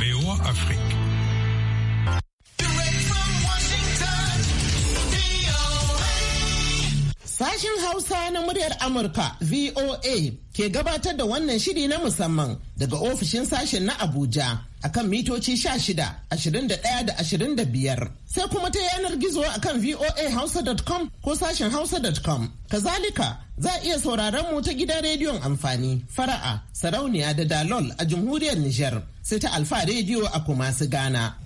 VOA Afrique. Sashen Hausa na muryar Amurka VOA ke gabatar da wannan shiri na musamman daga ofishin sashen na Abuja a kan mitoci shida, ashirin da da ashirin biyar, Sai kuma ta yanar gizo a akan voahausa.com ko sashen hausa.com. Kazalika Za a iya sauraron mu ta gidan rediyon amfani, fara'a, sarauniya da dalol a jamhuriyar Nijar, sai ta alfa rediyo a Kumasi gana.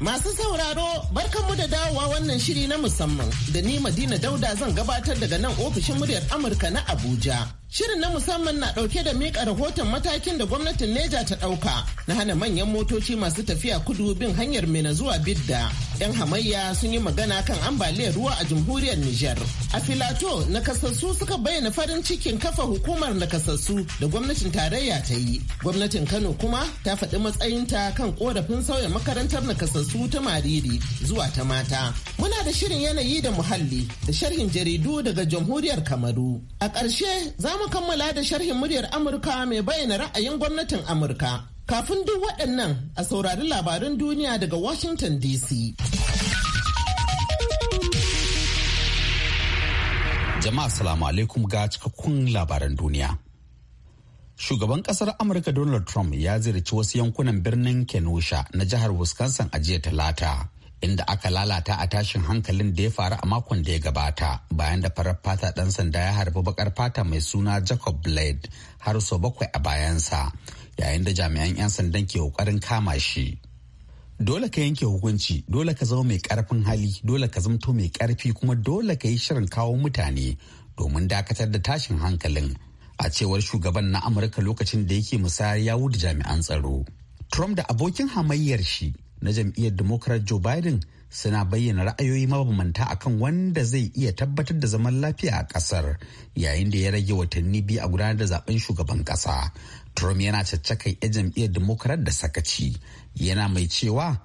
Masu sauraro barkanmu da dawowa wannan shiri na musamman da ni Madina Dauda zan gabatar daga nan ofishin muryar Amurka na Abuja. Shirin na musamman na ɗauke da miƙa rahoton matakin da gwamnatin Neja ta ɗauka na hana manyan motoci masu tafiya kudu bin hanyar Mena zuwa Bidda. 'Yan hamayya sun yi magana kan ambaliyar ruwa a jamhuriyar Nijar. A filato, nakasassu suka bayyana farin cikin kafa hukumar nakasassu da gwamnatin tarayya ta yi. Gwamnatin Kano kuma ta faɗi matsayinta kan korafin sauya makarantar nakasassu ta Mariri zuwa ta mata. Muna da shirin yanayi da muhalli da sharhin jaridu daga jamhuriyar Kamaru. A ƙarshe za mu kammala da sharhin muryar Amurka mai bayyana ra'ayin gwamnatin Amurka. Kafin duk waɗannan a saurari labarin duniya daga Washington DC. Jama'a salamu alaikum ga cikakkun labaran duniya. Shugaban kasar Amurka Donald Trump ya ziyarci wasu yankunan birnin Kenosha na jihar Wisconsin a jiya talata. inda aka lalata a tashin hankalin da ya faru a makon da ya gabata bayan da farar fata ɗan sanda ya harbi bakar fata mai suna jacob blade har sau bakwai a bayansa yayin da jami'an 'yan sandan ke ƙoƙarin kama shi dole ka yanke hukunci dole ka zama mai karfin hali dole ka zamto mai ƙarfi kuma dole ka yi shirin kawo mutane domin dakatar da tashin hankalin a cewar shugaban na amurka lokacin da yake musayar ya da jami'an tsaro trump da abokin hamayyar shi na jam'iyyar democrat joe biden suna bayyana ra'ayoyi mabambanta akan wanda zai iya tabbatar da zaman lafiya a kasar yayin da ya rage watanni biyu a gudanar da zaben shugaban kasa trump yana caccakan ya jam'iyyar democrat da sakaci yana mai cewa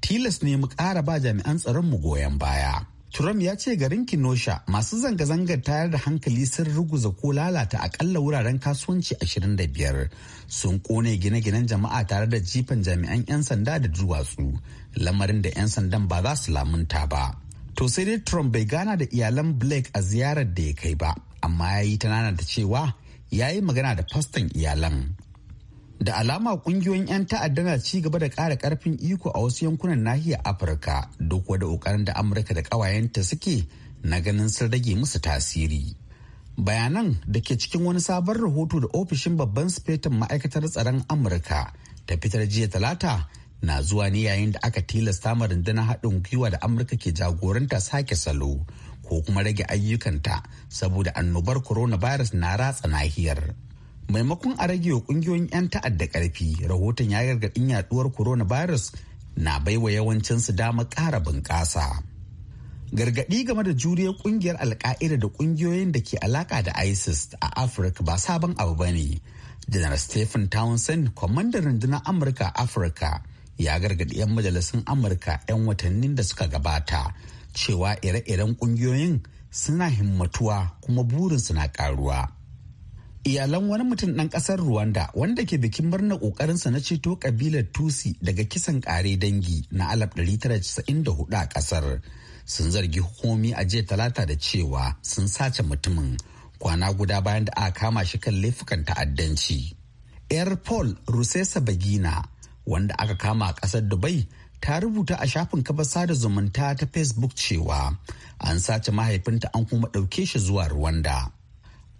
tilas ne mu ƙara ba jami'an tsaron mu goyon baya Trump ya ce garin Kinosha masu zanga-zangar tayar da hankali sun ruguza ko lalata akalla wuraren kasuwanci 25 sun kone gine-ginen jama'a tare da jifan jami'an 'yan sanda da duwatsu lamarin da 'yan sandan ba za su lamunta ba. To sai dai Trump bai gana da iyalan Blake a ziyarar da ya kai ba, amma ya yi ta cewa ya yi magana da faston iyalan. da alama kungiyoyin 'yan ta'adda na ci gaba da ƙara ƙarfin iko a wasu yankunan nahiyar afirka duk wada ƙoƙarin da amurka da ƙawayenta suke na ganin sun rage musu tasiri bayanan da ke cikin wani sabon rahoto da ofishin babban sifetin ma'aikatar tsaron amurka ta fitar jiya talata na zuwa ne yayin da aka tilasta ma rundunar haɗin gwiwa da amurka ke jagoranta sake salo ko kuma rage ayyukanta saboda annobar coronavirus na ratsa nahiyar. maimakon a rage wa kungiyoyin 'yan ta'adda karfi rahoton ya gargaɗin yaduwar coronavirus na baiwa yawancinsu dama kara bunƙasa gargaɗi game da juriyar ƙungiyar alka'ida da ƙungiyoyin da ke alaƙa da isis a afirka ba sabon abu ba ne janar stephen townsend kwamandan rundunar amurka a afirka ya gargadi 'yan majalisun amurka 'yan watannin da suka gabata cewa ire-iren ƙungiyoyin suna himmatuwa kuma burinsu na karuwa. iyalan wani mutum ɗan ƙasar Rwanda wanda ke bikin murnar ƙoƙarinsa na ceto ƙabilar Tusi daga kisan ƙare dangi na 1994 a ƙasar sun zargi hukumomi a jiya talata da cewa sun sace mutumin kwana guda bayan da aka kama shi kan laifukan ta'addanci. Air Paul Rusesa Bagina wanda aka kama a ƙasar Dubai ta rubuta a shafin kafar sada zumunta ta Facebook cewa an sace mahaifinta an kuma ɗauke shi zuwa Rwanda.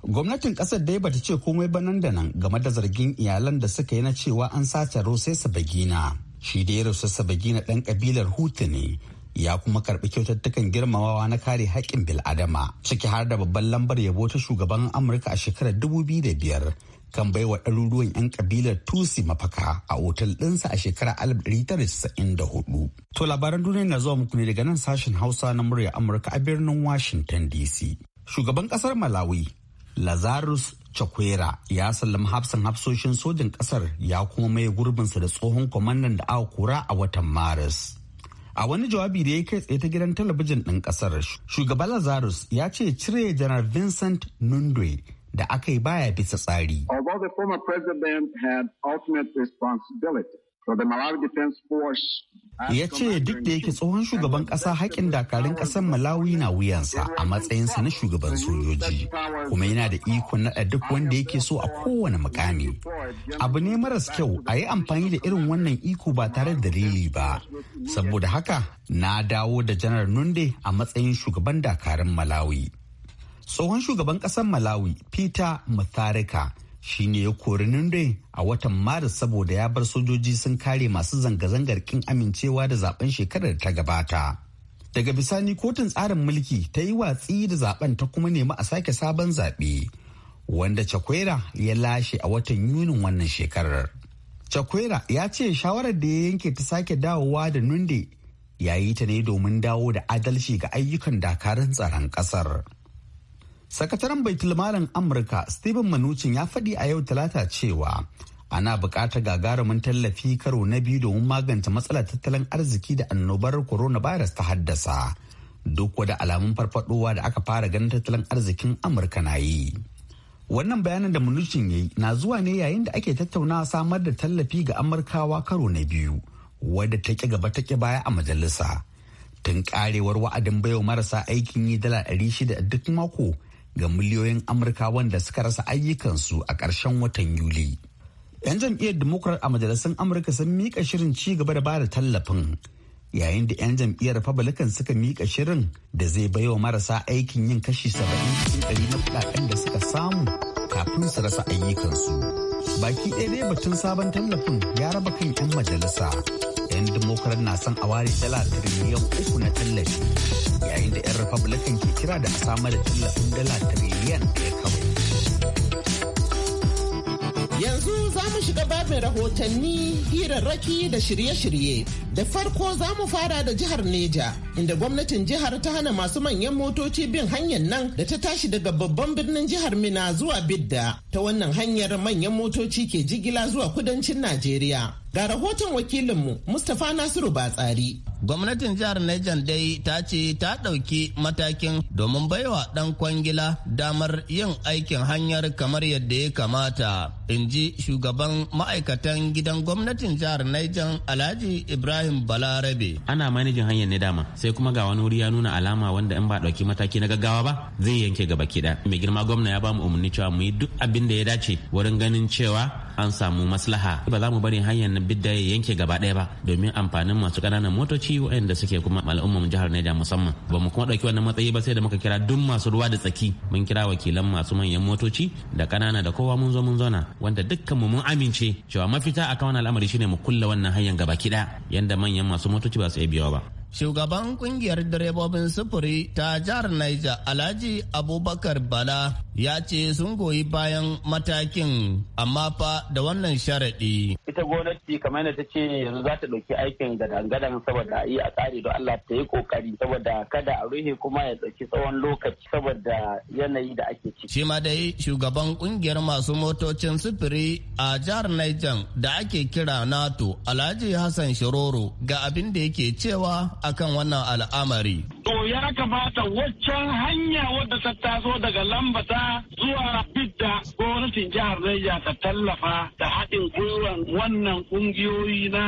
gwamnatin kasar dai bata ce komai ba nan da nan game da zargin iyalan da suka yi na cewa an sace rosai sabagina shi da ya rasa sabagina ɗan kabilar hutu ne ya kuma karbi kyautattukan girmamawa na kare haƙƙin bil'adama ciki har da babban lambar yabo ta shugaban amurka a shekarar biyar. kan bai wa ɗaruruwan 'yan kabilar tusi mafaka a otal ɗinsa a shekarar hudu. to labaran duniya na zuwa muku ne daga nan sashen hausa na murya amurka a birnin washington dc shugaban ƙasar malawi lazarus chakwera ya sallama hafsan hafsoshin sojin kasar ya kuma mai gurbinsa da tsohon kwamandan da aka kura a watan maris a wani jawabi da ya kai tsaye ta gidan talabijin ɗin ƙasar shugaban lazarus ya ce cire janar vincent nundwe da aka yi baya bisa tsari. Although the former president had ultimate responsibility, Ya ce duk da yake tsohon shugaban ƙasa haƙin dakarun ƙasar Malawi na wuyansa a matsayinsa na shugaban sojoji, kuma yana da ikon naɗa duk wanda yake so a kowane mukami. Abu ne maras kyau a yi amfani da irin wannan iko ba tare da dalili ba. Saboda haka na dawo da janar Nunde a matsayin shugaban dakarun Malawi. Tsohon shugaban ƙasar Malawi Peter Mutharika shine ya kori Nunde a watan Maris saboda ya bar sojoji sun kare masu zanga-zangar kin amincewa da zaben shekarar ta gabata. Daga bisani kotun tsarin mulki ta yi watsi da zaben ta kuma nemi a sake sabon zaɓe wanda Chakwera ya lashe a watan Yunin wannan shekarar. Chakwera ya ce shawarar da ya yanke ta sake dawowa da Nunde ya yi ta ne domin dawo da adalci ga ayyukan dakarun tsaron ƙasar. Sakataren Baitul Malam Amurka Stephen Mnuchin ya faɗi a yau talata cewa ana buƙatar gagarumin tallafi karo na biyu domin magance matsalar tattalin arziki da annobar coronavirus ta haddasa. Duk wada alamun farfadowa da aka fara ganin tattalin arzikin Amurka na yi. Wannan bayanin da Mnuchin ya yi na zuwa ne yayin da ake tattaunawa samar da tallafi ga Amurkawa karo na biyu, wadda ta ƙi gaba ta ƙi baya a majalisa. Tun karewar wa'adin baiwa marasa aikin yi dala ɗari 600 duk mako ga miliyoyin amurka wanda suka rasa ayyukansu a ƙarshen watan yuli 'yan jam'iyyar demokrat a majalisun amurka sun mika shirin ci gaba da bada tallafin yayin da 'yan jam'iyyar republican suka mika shirin da zai baiwa marasa aikin yin kashi 70 cikin ɗari na kuɗaɗen da suka samu kafin su rasa ayyukansu baki ɗaya dai batun sabon tallafin ya raba kan 'yan majalisa 'yan demokarat na son a ware dala tiriliyan uku na tallafi yayin da 'yan republican ke kira da a samar da tallafin dala tiriliyan ɗaya kawai Yanzu za mu shiga babin rahotanni hirarraki da shirye-shirye. Da farko za mu fara da jihar Neja, inda gwamnatin jihar ta hana masu manyan motoci bin hanyar nan da ta tashi daga babban birnin jihar Mina zuwa Bidda. Ta wannan hanyar manyan motoci ke jigila zuwa kudancin Najeriya. Ga rahoton wakilinmu Mustapha Nasiru Batsari. Gwamnatin jihar Niger dai ta ce ta ɗauki matakin domin baiwa ɗan kwangila damar yin aikin hanyar kamar yadda ya kamata. In ji shugaban ma'aikatan gidan gwamnatin jihar Niger Alhaji Ibrahim Balarabe. Ana manajin hanyar ne dama sai kuma ga wani wuri ya nuna alama wanda in ba ɗauki mataki na gaggawa ba zai yanke gaba kiɗa. Mai girma gwamna ya ba mu umarni cewa mu yi duk abin da ya dace wurin ganin cewa an samu maslaha. Ba za mu bari hanyar bidda ya yanke gaba ɗaya ba domin amfanin masu ƙananan motoci waɗanda suke kuma al'ummar jihar Niger musamman ba mu kuma ɗauki wannan matsayi ba sai da muka kira duk masu ruwa da tsaki mun kira wakilan masu manyan motoci da ƙanana da kowa mun zo mun zauna wanda dukkan mu mun amince cewa mafita akan wannan al'amari shine mu kulla wannan hanyar gaba ɗaya yanda manyan masu motoci ba su iya biyo ba shugaban kungiyar direbobin sufuri ta jihar Niger Alhaji Abubakar Bala ya ce sun goyi bayan matakin amma fa da wannan sharaɗi. Ita gwamnati kamar yadda ta ce yanzu za ta ɗauki aikin da dangadan saboda yi a tsari don Allah ta yi ƙoƙari saboda kada a ruhe kuma ya ɗauki tsawon lokaci saboda yanayi da ake ciki. Shi ma dai shugaban ƙungiyar masu motocin sufuri a jihar Niger da ake kira NATO Alhaji Hassan Shiroro ga abin da yake cewa akan wannan al'amari. to ya kamata waccan hanya wadda ta taso daga lambata zuwa bidda gwamnatin jihar Niger ta tallafa da haɗin gwiwar wannan ƙungiyoyi na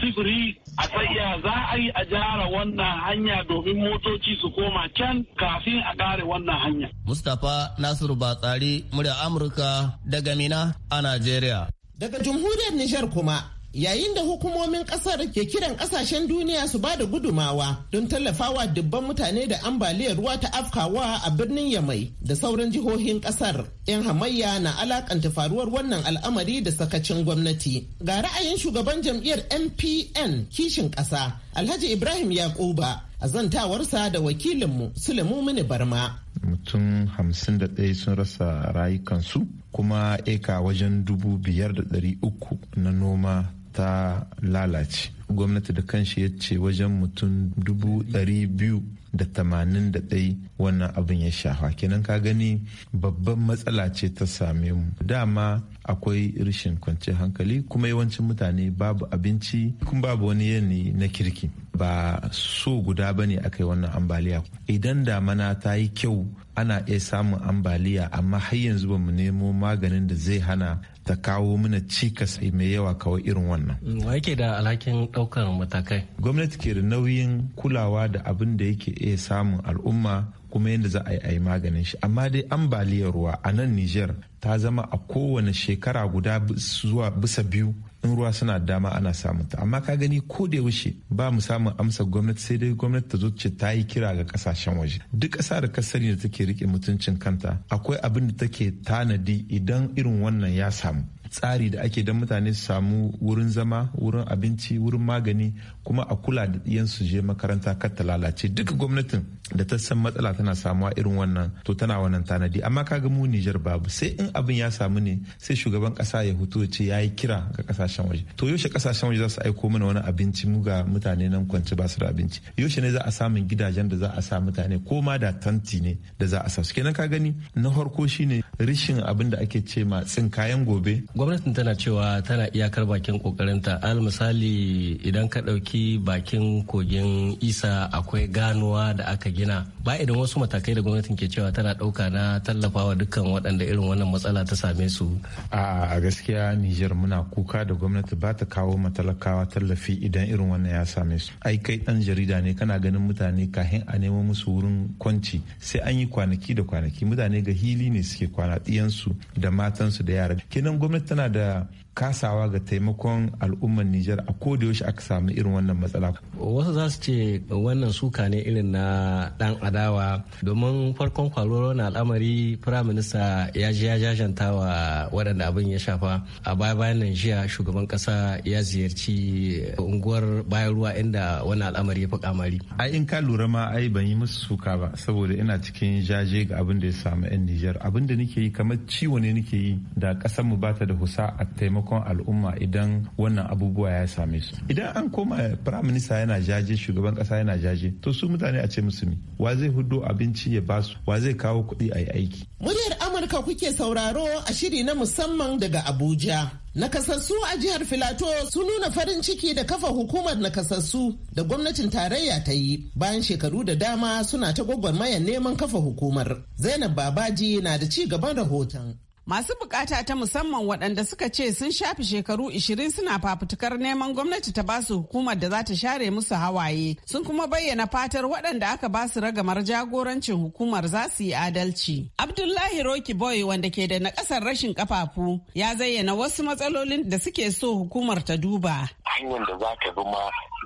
sifiri a tsayya za a yi a jara wannan hanya domin motoci su koma can kafin a ƙare wannan hanya. Mustapha Nasiru Batsari, murya Amurka daga Mina a Najeriya. Daga Jamhuriyar Nijar kuma yayin da hukumomin kasar ke kiran kasashen duniya su ba da gudumawa don tallafawa dubban mutane da ambaliyar ruwa ta afkawa a birnin yamai da sauran jihohin kasar yan hamayya na alakanta faruwar wannan al'amari da sakacin gwamnati ga ra'ayin shugaban jam'iyyar NPN kishin kasa alhaji ibrahim yakuba a zantawarsa da wakilinmu sulemu mini barma mutum hamsin da ɗaya sun rasa rayukansu kuma eka wajen dubu biyar da ɗari uku na noma ta lalace gwamnati da kanshi ya ce wajen mutum dubu ɗari biyu da tamanin da ɗai wannan abin ya shafa kenan ka gani babban matsala ce ta same mu dama akwai rashin kwanciyar hankali kuma yawancin mutane babu abinci kuma babu wani yanayi na kirki ba so guda ba ne aka yi wannan ambaliya idan damana ta yi kyau ana iya samun ambaliya amma har yanzu ba mu nemo maganin da zai hana ta kawo mana cikas mai yawa kawai irin wannan. Wa yake da alhakin ɗaukar matakai? Gwamnati ke da nauyin kulawa da abin da yake iya samun al'umma kuma yadda za a yi a yi maganin shi amma dai ambaliyar ruwa a nan niger ta zama a kowane shekara guda zuwa bisa biyu in ruwa suna dama ana samun ta amma ka gani ko da yaushe ba mu samun amsa gwamnati sai dai gwamnati ta zo ce ta yi kira ga kasashen waje duk ƙasa da ka da take rike mutuncin kanta akwai abin da take tanadi idan irin wannan ya samu tsari da ake don mutane su samu wurin zama wurin abinci wurin magani kuma a kula da ɗiyan su je makaranta kar ta lalace duka gwamnatin da ta san matsala tana samuwa irin wannan to tana wannan tanadi amma kaga mu Nijar babu sai in abin ya samu ne sai shugaban kasa ya hutu ya ce ya yi kira ga kasashen waje to yaushe kasashen waje za su aiko mana wani abinci mu ga mutane nan kwance ba su da abinci yaushe ne za a samun gidajen da za a sa mutane ko ma da tanti ne da za a sa su kenan ka gani na farko shine rishin abin da ake ce ma tsin kayan gobe gwamnatin tana cewa tana iyakar bakin kokarinta al misali idan ka ɗauki bakin kogin isa akwai ganuwa da aka gina ba idan wasu matakai da gwamnatin ke cewa tana ɗauka na tallafawa dukkan waɗanda irin wannan matsala ta same su a gaskiya nijar muna kuka da gwamnati ba ta kawo matalakawa tallafi idan irin wannan ya same su ai kai ɗan jarida ne kana ganin mutane kahin a nemo musu wurin kwanci sai an yi kwanaki da kwanaki mutane ga hili ne suke kwana ɗiyansu da matansu da yara kenan gwamnati tana da kasawa ga taimakon al'ummar Nijar a yaushe aka samu irin wannan matsala. Wasu za su ce wannan suka ne irin na dan adawa domin farkon faruwar wannan al'amari firaminista ya ji ya jajanta wa waɗanda abin ya shafa a baya bayan nan jiya shugaban kasa ya ziyarci unguwar bayan ruwa inda wannan al'amari ya fi kamari. Ai in ka lura ma ai ban yi musu suka ba saboda ina cikin jaje ga abin da ya samu 'yan Nijar abin da nake yi kamar ciwo ne nake yi da ƙasar mu bata da husa a taimako taimakon al'umma idan wannan abubuwa ya same su idan an koma eh, prime minister yana jaje shugaban kasa yana jaje to su mutane a ce musu wa zai hudo abinci ya ba su wa zai kawo kuɗi a yi aiki muryar amurka kuke sauraro a shiri na musamman daga abuja Nakasassu a jihar Filato su nuna farin ciki da kafa hukumar nakasassu da gwamnatin tarayya ta yi bayan shekaru da dama suna ta gwagwarmayar neman kafa hukumar. Zainab Babaji na da ci gaban rahoton. Masu bukata ta musamman waɗanda suka ce sun shafi shekaru 20 suna fafutukar neman gwamnati ta basu hukumar da za ta share musu hawaye sun kuma bayyana fatar waɗanda aka ba su ragamar jagorancin hukumar za su yi adalci. Abdullahi Roki Boy wanda ke da nakasar rashin kafafu ya zayyana wasu matsalolin da suke so hukumar ta duba. Hanyar da za ka bi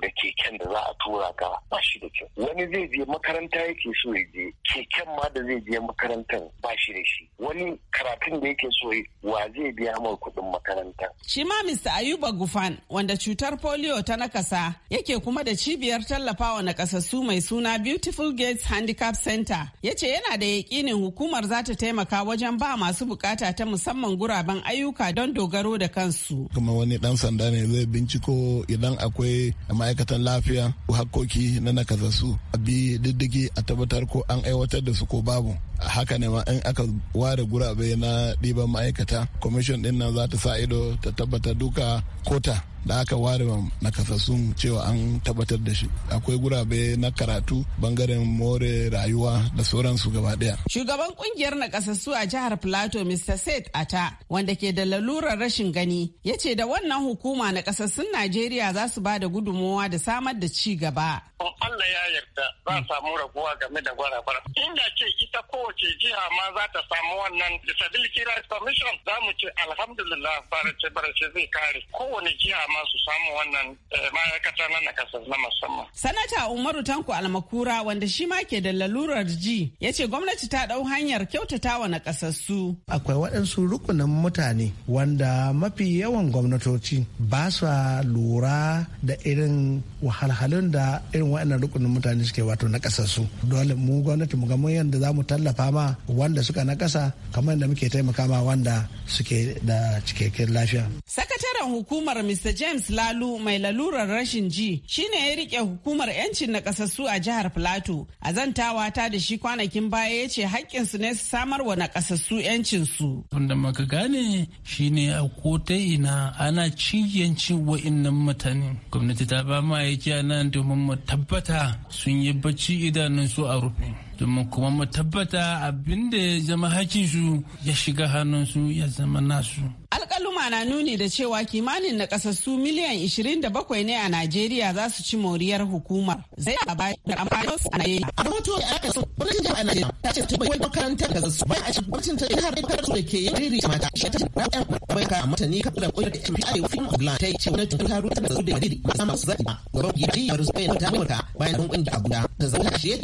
da keken da za a tura ka ba da kyau. wani zai je makaranta yake so ya je keken ma da zai je makarantar ba shi da shi wani karatun da yake so wa zai biya mai kuɗin makaranta. shi ma mr ayuba gufan wanda cutar polio ta nakasa yake kuma da cibiyar tallafawa nakasassu mai suna beautiful gates handicap center ya ce yana da yaƙinin hukumar za ta taimaka wajen ba masu bukata ta musamman guraben ayyuka don dogaro da kansu kuma wani dan sanda ne zai binciko idan akwai ma'aikatan lafiya hakkoki na nakasassu a bi diddigi a tabbatar ko an aiwatar da su ko babu haka ne ma in aka ware gurabe na ɗiban ma'aikata kwamishin ɗin nan za ta sa ido ta tabbatar duka kota da aka ware nakasassun cewa an tabbatar da shi akwai gurabe na karatu bangaren more rayuwa da sauransu gaba daya shugaban kungiyar nakasassu a jihar plateau mr said ata wanda ke da lalurar rashin gani ya ce da wannan hukuma na kasassun najeriya za su ba da gudunmowa da samar da ci gaba Allah ya yarda za a samu raguwa game da gwara-gwara. Inda ce ita kowace jiha ma za ta samu wannan disability rights commission za mu ce alhamdulillah barace-barace zai kare kowane jiha ma dama su samu wannan eh, ma'aikata na na musamman. Sanata Umaru Tanko Almakura wanda shi ma ke da lalurar ji ya ce gwamnati ta ɗau hanyar kyautata wa kasassu. Akwai waɗansu rukunin mutane wanda mafi yawan gwamnatoci ba sa lura da irin wahalhalun da irin waɗannan rukunin mutane suke wato na Dole mu gwamnati mu ga mun yadda za mu tallafa ma wanda suka nakasa kasa kamar yadda muke taimaka ma wanda suke da cikakken lafiya. Sakataren hukumar Mr. James Lalu mai lalurar rashin ji shine ya rike hukumar 'yancin na kasassu a jihar Plateau. A zantawa ta da shi kwanakin baya ya ce haƙƙinsu ne su samar wa na kasassu su Wanda maka gane shine a ko ta ina ana cin yancin wa'innan mutane. Gwamnati ta ba ma yake nan domin mu tabbata sun yi bacci idanunsu a rufe. domin kuma mu tabbata abin da ya zama hakinsu ya shiga su ya zama nasu. Alƙaluma na nuni da cewa kimanin na ƙasassu miliyan 27 ne a Najeriya za su ci moriyar hukuma. Zai a bayan da amfani a Najeriya. A rahoto da aka so, gwamnatin a Najeriya ta ce ta da zasu bayan a gwamnatin ta da ke yin riri mata. Shi ta ce na ɗan ka mata ni da ƙoyar da ke arewa fi Ogla ta yi cewa na tun zasu da masu zaɓi ba. ta da a shi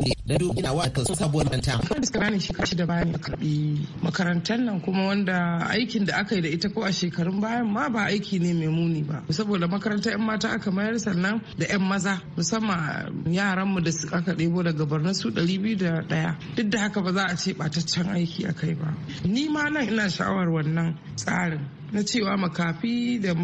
gombe da ina wa kan sabuwar manta. suka bani shekara shida bayan da karbi makarantar nan kuma wanda aikin da aka yi da ita ko a shekarun bayan ma ba aiki ne mai muni ba. Saboda makarantar 'yan mata aka mayar sannan da 'yan maza musamman yaranmu da aka ɗebo daga biyu su ɗaya duk da haka ba za a ce ɓataccen aiki a kai ba. Ni ma nan ina sha'awar wannan tsarin na cewa makafi da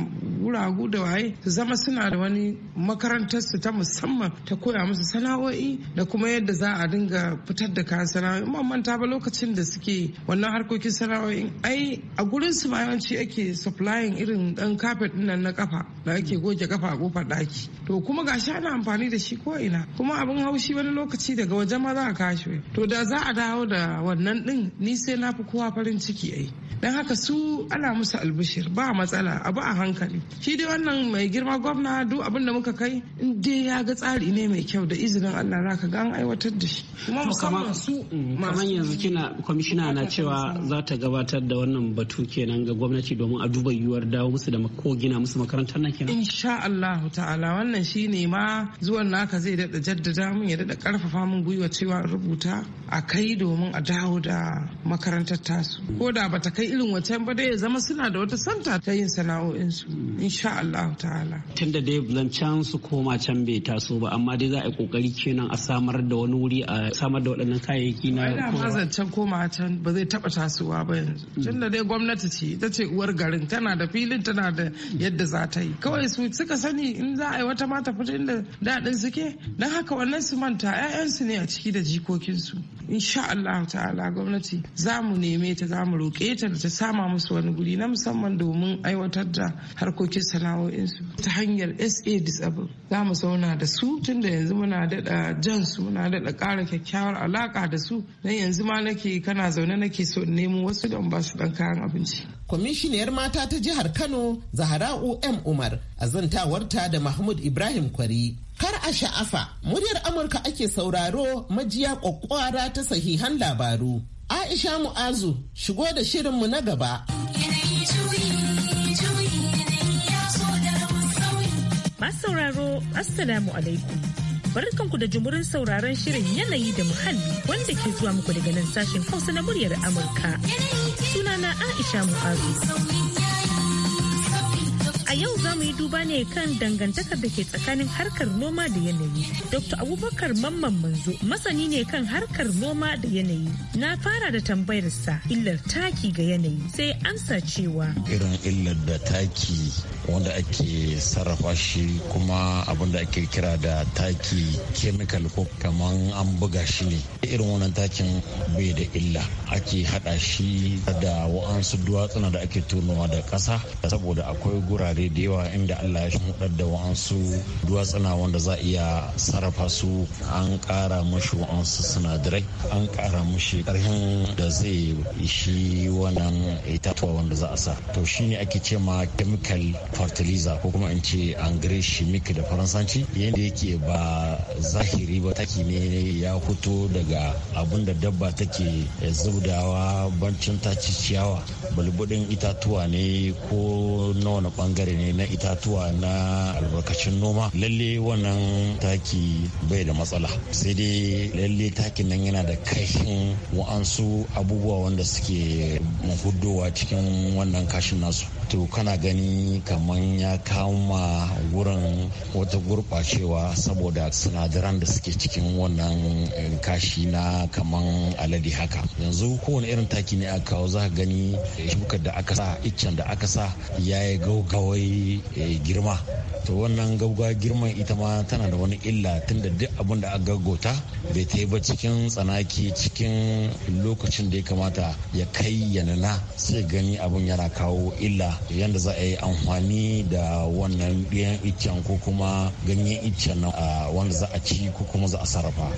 wuragu da waye su zama suna da wani makarantarsu ta musamman ta koya musu sana'o'i da kuma yadda za a dinga fitar da kayan sana'o'i man manta ba lokacin da suke wannan harkokin sana'o'i ai a gurin su ma yawanci ake supplying irin dan carpet din na kafa da ake goge kafa a kofar daki to kuma gashi ana amfani da shi ko ina kuma abin haushi wani lokaci daga wajen ma za a kashe to da za a dawo da wannan din ni sai na fi kowa farin ciki ai dan haka su ana musu albarka Bushir ba matsala abu a hankali shi dai wannan mai girma gwamna duk abin da muka kai in dai ya ga tsari ne mai kyau da izinin Allah zaka ga an aiwatar da shi kuma musamman su mm, kamar yanzu kina kwamishina na cewa za ta gabatar da wannan batu kenan ga gwamnati domin a duba yiwuwar dawo musu da ko gina musu makarantar nan kenan insha Allah ta'ala wannan shine ma zuwan naka zai dada jaddada mun ya dada karfafa mun gwiwa cewa rubuta a kai domin a dawo da makarantar tasu ko da bata kai irin wancan ba dai ya zama suna da wata santa ta yin sana'o'insu insha Allah ta'ala. Tun da dai can su koma can bai taso ba amma dai za a yi kokari kenan a samar da wani wuri a samar da waɗannan kayayyaki na kowa. Wanda zancen koma can ba zai taɓa tasowa ba yanzu. Mm. Tun da dai gwamnati ce ita ce uwar garin tana da filin tana da yadda za ta yi. Kawai su suka sani in za a yi wata mata fita inda daɗin suke don haka wannan su manta 'ya'yansu ne a ciki da jikokinsu. Insha Allah ta'ala gwamnati za mu neme ta za mu roƙe ta da ta sama musu wani guri na musamman musamman domin aiwatar da harkokin sana'o'insu ta hanyar sa disable za mu zauna da su tun da yanzu muna daɗa jan su muna daɗa ƙara kyakkyawar alaƙa da su na yanzu ma nake kana zaune nake so nemo wasu don ba su ɗan kayan abinci. kwamishiniyar mata ta jihar kano zahra um umar a zantawarta da mahmud ibrahim kwari Kar a sha'afa, muryar Amurka ake sauraro majiya kwakwara ta sahihan labaru. Aisha Mu'azu, shigo da shirinmu na gaba. Masu sauraro, Assalamu alaikum. Barkanku da jimurin sauraron shirin yanayi da muhalli wanda ke zuwa muku daga nan sashen Hausa na muryar Amurka. Sunana Aisha Mu'azu. A yau za mu yi duba ne kan dangantakar da ke tsakanin harkar noma da yanayi. Dr. Abubakar Mamman Manzo masani ne kan harkar noma da yanayi. Na fara da tambayar sa illar taki ga yanayi sai amsa cewa. Irin illar da taki wanda ake sarrafa shi kuma abin da ake kira da taki kemikal ko kaman an buga shi ne. Irin wannan takin bai da illa ake hada shi da wa'ansu duwatsuna da ake tonowa da ƙasa saboda akwai gura wurare da yawa inda allah ya shimfiɗar da wa'ansu duwatsuna wanda za a iya sarrafa su an ƙara mashi wa'ansu sinadarai an ƙara mashi ƙarfin da zai shi wannan itatuwa wanda za a sa to shi ne ake ce ma chemical fertilizer ko kuma in ce angare shimik da faransanci yadda yake ba zahiri ba taki ne ya fito daga abin da dabba take zubdawa bancin ta ciyawa balbudin itatuwa ne ko na wani bangare bangare ne na itatuwa na albarkacin noma lalle wannan taki bai da matsala sai dai lalle takin nan yana da kashin wa'ansu abubuwa wanda suke mahudowa cikin wannan kashin nasu to kana gani kamar ya kama wurin wata gurɓacewa saboda sinadaran da suke cikin wannan eh, kashi na kaman alade haka yanzu kowane irin taki ne a kawo za gani eh, shukar da aka sa iccen da aka sa ya yi gaugawai eh, girma to wannan gauga girman ita ma tana da wani illa tunda duk abin da aka gota bai ta yi ba cikin tsanaki cikin lokacin da ya kamata ya kai yanana sai gani abin yana kawo illa yadda za a yi amfani da wannan biyan iccen ko kuma ganyen iccen ah, wanda za a ci ko kuma za a sarrafa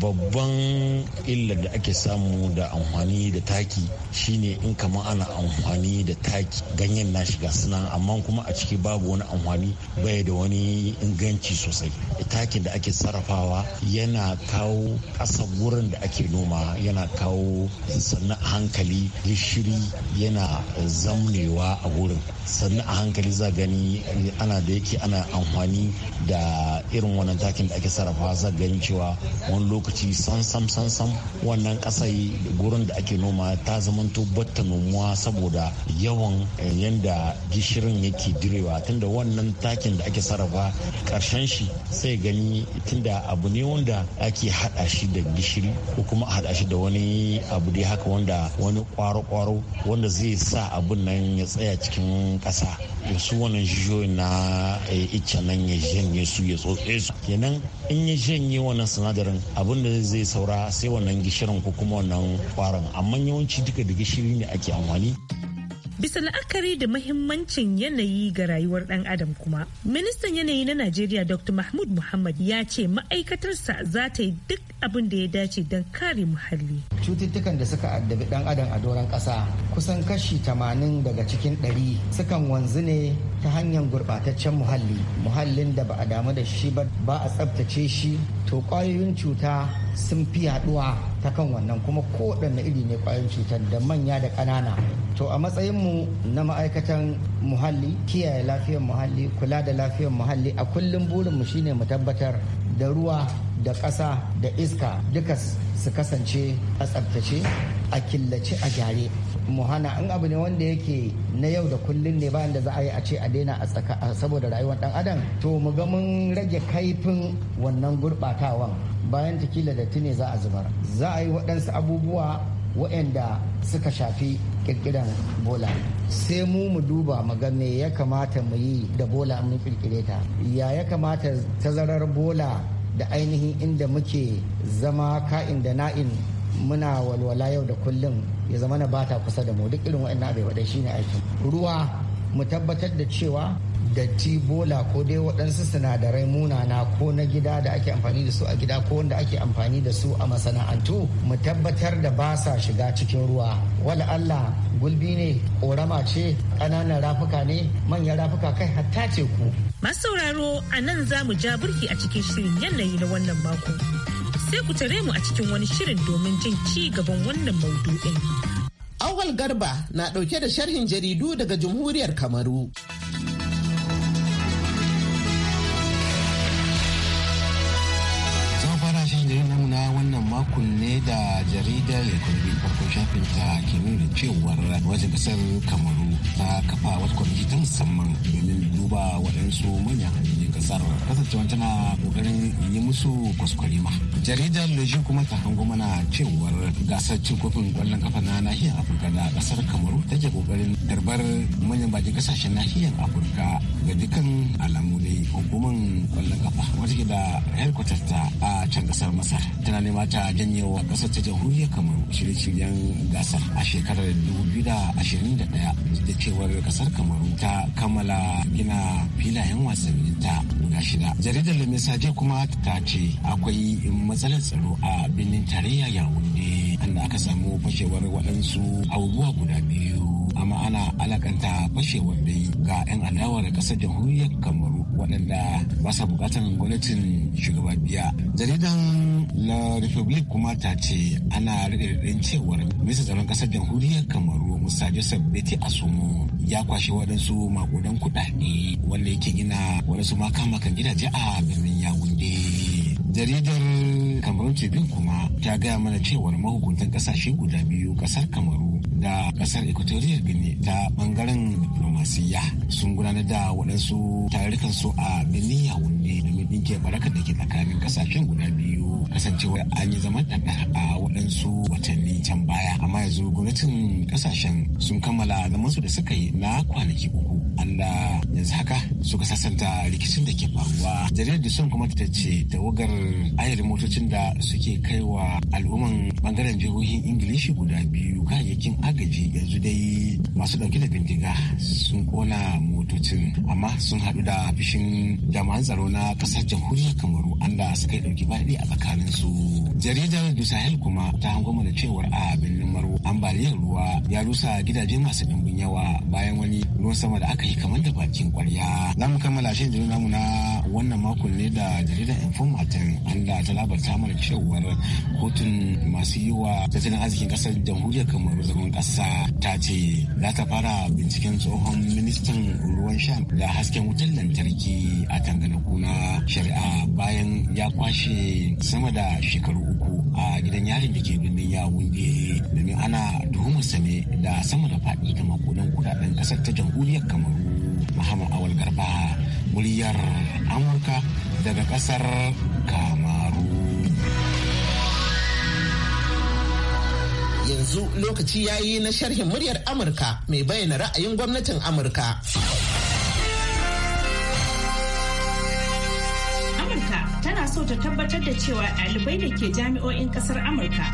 babban illar da ake samu da amfani da taki shine in kama ana amfani da taki ganyen na shiga suna amma kuma a ciki babu wani amfani bai da wani inganci sosai takin da ake sarrafawa yana kawo ƙasa wurin da ake noma yana kawo sannan hankali gishiri yana zamnewa a wurin sannan a hankali za gani eh, ana da yake ana amfani da irin wannan takin da ake sarrafa za gani cewa wani lokaci sansam sansam wannan kasai gurin da ake noma ta zamanto batta nomuwa saboda yawan eh, yanda gishirin yake direwa tunda wannan takin da ake sarrafa karshen shi sai gani tunda abu ne wanda ake hada shi da gishiri ko kuma hada shi da wani abu dai haka wanda wani kwaro-kwaro wanda zai sa abun nan ya tsaya cikin cikin ƙasa da su wannan jijiyoyin na eh, icce nan ya janye su ya tsotse su kenan in ya janye wannan sinadarin abin da zai saura sai wannan gishirin ko kuma wannan kwarin amma yawanci duka da gishiri ne ake amfani. bisa la'akari da mahimmancin yanayi ga rayuwar dan adam kuma ministan yanayi na najeriya dr mahmud muhammad ya ce ma'aikatarsa za ta yi duk abin da ya dace don kare muhalli cututtukan da suka addabi dan adam a doron ƙasa kusan kashi 80 daga cikin 100 sukan wanzu ne ta hanyar gurbataccen muhalli muhallin da ba a damu da shi ba ba a tsabtace shi to kwayoyin cuta sun fi yaduwa ta kan wannan kuma kowaɗanne iri ne kwayoyin cutar da manya da ƙanana to a matsayinmu na ma'aikatan muhalli kiyaye lafiyar muhalli kula da lafiyar muhalli a kullum burinmu shine mu tabbatar da ruwa da ƙasa da iska duka su kasance a tsaftace a killace a gyare Muhana in abu ne wanda yake na yau da kullun ne bayan da za a yi a ce a daina a tsaka saboda rayuwar dan adam to mu ga mun rage kaifin wannan gurbatawan bayan tikila da tine za a zubar za a yi waɗansu abubuwa waɗanda suka shafi kirkiran bola sai mu mu duba ga me ya kamata mu yi da bola mun ƙirƙire ta ya ya kamata tazarar bola da ainihin inda muke zama ka'in da na'in muna walwala yau da kullum ya zama na bata kusa da mu duk irin waɗannan abai wadai shine aikin ruwa mu tabbatar da cewa datti bola ko dai waɗansu sinadarai munana ko na gida da ake amfani da su a gida ko wanda ake amfani da su a masana'antu mu tabbatar da ba sa shiga cikin ruwa wala Allah gulbi ne korama ce ƙananan rafuka ne manyan rafuka kai hatta ku. masu sauraro a nan za mu ja burki a cikin shirin yanayi na wannan mako sai ku tare mu a cikin wani shirin domin jin ci gaban wannan maudu'in. Awal Garba na ɗauke da sharhin jaridu daga Jamhuriyar Kamaru. makon ne da jaridar economy farko shafin ta ke nuna cewar wajen kasar kamaru ta musamman domin duba waɗansu manyan hanyoyin kasar kasancewa tana ƙoƙarin yi musu ma jaridar lejin kuma ta hango mana cewar gasar cin kofin ƙwallon kafa na nahiyar afirka da ƙasar kamaru take ƙoƙarin. darbar manyan bakin ƙasashen nahiyar afirka ga dukkan alamu dai hukumar kwallon kafa wata ke da headquarters ta a can kasar masar tana nema ta janye wa kasar ta jamhuriyar kamaru shirye-shiryen gasar a shekarar 2021 da da cewar kasar kamaru ta kammala gina filayen wasannin ta guda shida jaridar lamisaje kuma ta ce akwai matsalar tsaro a birnin tarayya yawunde inda aka samu fashewar waɗansu abubuwa guda biyu amma ana alakanta fashewar dai ga 'yan adawar kasar jamhuriyar kamaru waɗanda ba sa bukatan gwamnatin shugaban biya jaridan la republic kuma ta ce ana rikirin cewar minista tsaron ƙasar jamhuriyar kamaru musa joseph beti asumo ya kwashe waɗansu makudan kuɗaɗe wanda yake gina waɗansu makamakan gidaje a birnin yawunde jaridar kamarun tribune kuma ta gaya mana cewar mahukuntan ƙasashe guda biyu ƙasar kamaru da ƙasar equatorial guinea ta ɓangaren diplomasiya sun gudanar da waɗansu tarurrukan su a birnin yawunde domin ɗinke barakar da ke tsakanin ƙasashen guda biyu kasancewar an yi zaman ɗanɗa a waɗansu watanni can baya amma yanzu gwamnatin ƙasashen sun kammala zaman su da suka yi na kwanaki uku wanda yanzu haka suka sasanta rikicin da ke faruwa jaridar da sun kuma ta ce tawagar ayar motocin da suke kaiwa wa al'umman bangaren jihohin ingilishi guda biyu kayayyakin agaji yanzu dai masu dauke da bindiga sun kona motocin amma sun haɗu da fishin jami'an tsaro na ƙasar jamhuriyar kamaru anda suka yi ɗauki baɗi a tsakanin su jaridar du sahel kuma ta hango da cewar a birnin maro ambaliyar ruwa ya rusa gidaje masu ɗin yawa bayan wani ruwan sama da aka yi kamar da bakin kwarya za mu kammala shi jirgin namu na wannan makon ne da jaridar Informatin an da ta labarta mana cewar kotun masu yi wa tattalin arzikin ƙasar jamhuriyar kamaru zaman kasa ta ce za ta fara binciken tsohon ministan ruwan sha da hasken wutar lantarki a tanganaku na shari'a bayan ya kwashe sama da shekaru uku a gidan yarin da ke birnin yawun domin ana sa ne da sama da faɗi da mako kudin kudaden kasar ta jamhuriyar kamaru muhammad awal garba muryar amurka daga kasar kamaru yanzu lokaci ya yi na sharhin muryar amurka mai bayyana ra'ayin gwamnatin amurka amurka tana so ta tabbatar da cewa ɗalibai da ke jami'o'in ƙasar amurka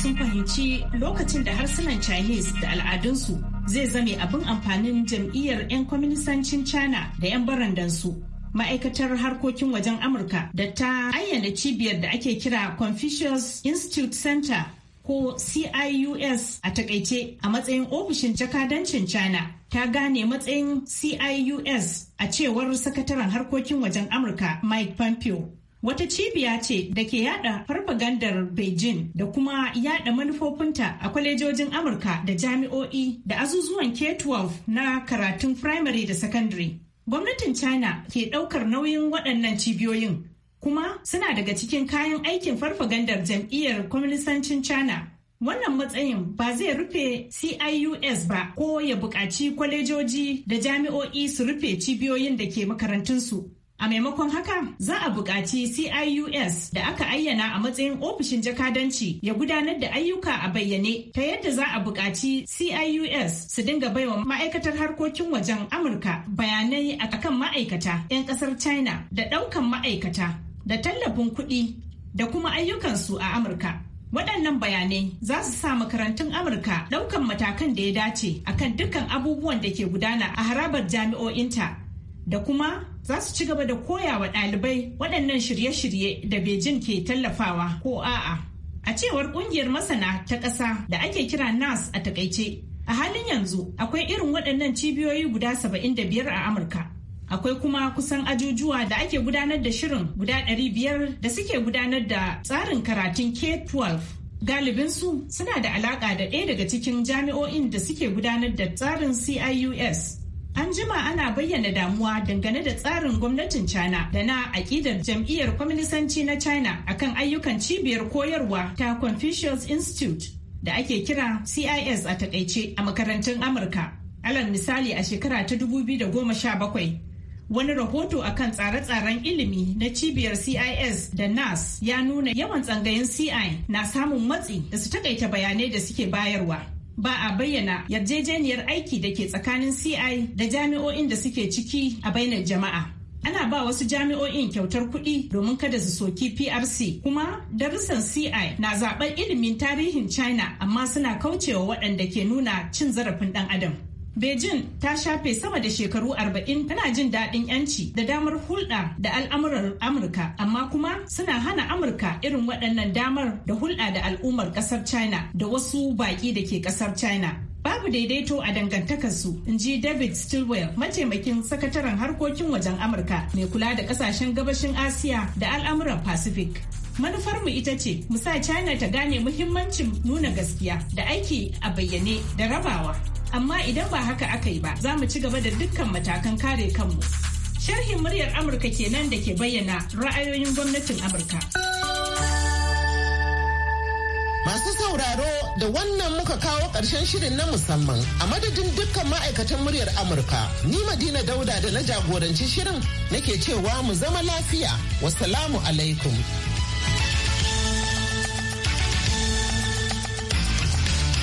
sun fahimci lokacin da harsunan chinese da al'adunsu zai zame abin amfanin jam'iyyar 'yan kwaminisancin china da 'yan barandansu ma'aikatar harkokin wajen amurka da ta ayyana cibiyar da ake kira confucius institute center ko cius a takaice a matsayin ofishin jakadancin china ta gane matsayin cius a cewar sakataren harkokin wajen amurka mike pompeo wata cibiya ce da ke yada farfagandar Beijing da kuma yada manufofinta a kwalejojin Amurka da jami'o'i da azuzuwan K-12 na karatun firamare da sakandare. Gwamnatin China ke daukar nauyin waɗannan cibiyoyin kuma suna daga cikin kayan aikin farfagandar jam'iyyar kwaminisancin China Wannan matsayin ba zai rufe CIUS ba ko ya buƙaci kwalejoji da jami'o'i su rufe cibiyoyin da ke makarantunsu. A maimakon haka za a buƙaci CIUS da aka ayyana a matsayin ofishin jakadanci ya gudanar da ayyuka a bayyane ta yadda za a buƙaci CIUS su dinga baiwa ma'aikatar harkokin wajen Amurka bayanai a kan ma'aikata 'yan ƙasar China da ɗaukan ma'aikata da tallafin kuɗi da kuma ayyukansu a Amurka. Waɗannan bayanai za su sa makarantun Amurka ɗaukan matakan da ya dace akan dukkan abubuwan da ke gudana a harabar jami'o'inta da kuma za su ci gaba da koya wa ɗalibai waɗannan shirye-shirye da Beijing ke tallafawa ko a'a. A cewar ƙungiyar masana ta ƙasa da ake kira NAS a takaice, a halin yanzu akwai irin waɗannan cibiyoyi guda 75 a Amurka. Akwai kuma kusan ajujuwa da ake gudanar da shirin guda 500 da suke gudanar da tsarin karatun K-12. su suna da alaƙa da ɗaya daga cikin jami'o'in da suke gudanar da tsarin CIUS An jima ana bayyana damuwa dangane da tsarin gwamnatin China da na aƙidar jam'iyyar kwaminisanci na China akan ayyukan cibiyar koyarwa ta Confucius Institute da ake kira CIS a takaice a makarantun Amurka. Alal misali a shekara ta 2017 wani rahoto akan tsare-tsaren ilimi na cibiyar CIS da NAS ya nuna yawan tsangayin CI na samun matsi da su takaita bayanai da suke bayarwa. ba a bayyana yarjejeniyar aiki da ke tsakanin CI da jami'o'in da suke ciki a bainar jama'a. Ana ba wasu jami'o'in kyautar kuɗi domin kada su soki PRC kuma darussan CI na zaɓar ilimin tarihin China amma suna kaucewa waɗanda ke nuna cin zarafin ɗan adam. Beijing ta shafe sama da shekaru 40 tana jin daɗin 'yanci da damar hulɗa da al'amuran Amurka, amma kuma suna hana Amurka irin waɗannan damar da hulɗa da al'ummar ƙasar China da wasu baƙi da ke ƙasar China. Babu daidaito a dangantakarsu, in ji David Stilwell, mataimakin sakataren harkokin wajen Amurka mai kula da ƙasashen gabashin Asiya da al'amuran Pacific. manufar mu ita ce mu sa china ta gane muhimmancin nuna gaskiya da aiki a bayyane da rabawa amma idan ba haka aka yi ba za mu ci gaba da dukkan matakan kare kanmu sharhin muryar amurka kenan da ke bayyana ra'ayoyin gwamnatin amurka Masu sauraro da wannan muka kawo ƙarshen shirin na musamman a madadin dukkan ma'aikatan muryar Amurka. Ni Madina Dauda da na jagoranci shirin nake cewa mu zama lafiya. wasalamu alaikum.